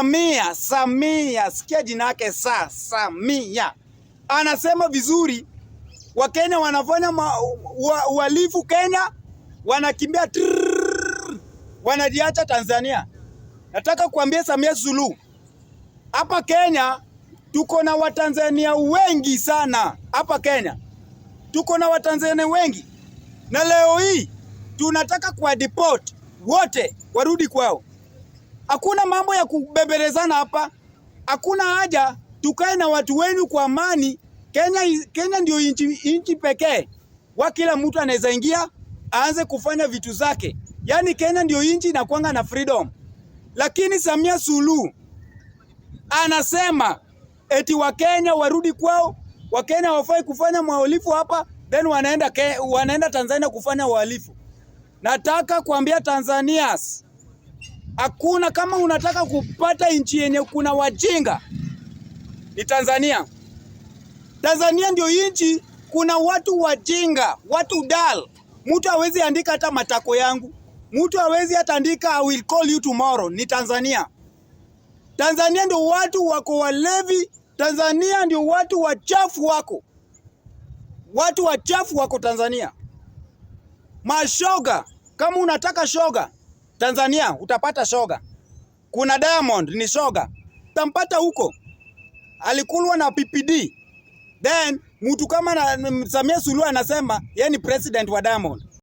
Samia, Samia, sikia jina yake sa Samia anasema vizuri. Wakenya wanafanya uhalifu wa Kenya, wanakimbia wanajiacha Tanzania. Nataka kuambia Samia Suluhu, hapa Kenya tuko na Watanzania wengi sana. Hapa Kenya tuko na Watanzania wengi, na leo hii tunataka kuwa wote warudi kwao. Hakuna mambo ya kubembelezana hapa, hakuna haja. Tukae na watu wenu kwa amani. Kenya, Kenya ndio nchi pekee wa kila mtu anaweza ingia aanze kufanya vitu zake, yaani Kenya ndio nchi inakwanga na freedom. Lakini Samia Suluhu anasema eti Wakenya warudi kwao, Wakenya wafai kufanya mauhalifu hapa, then wanaenda, wanaenda Tanzania kufanya uhalifu. Nataka kuambia Tanzanias Hakuna kama unataka kupata nchi yenye kuna wajinga ni Tanzania. Tanzania ndio nchi kuna watu wajinga, watu dal. Mtu hawezi andika hata matako yangu, mtu hawezi hata andika I will call you tomorrow. Ni Tanzania. Tanzania ndio watu wako walevi. Tanzania ndio watu wachafu wako, watu wachafu wako Tanzania, mashoga. Kama unataka shoga Tanzania utapata shoga. Kuna Diamond ni shoga, utampata huko, alikulwa na PPD. Then mtu kama na Samia Suluhu anasema yeye ni president wa Diamond.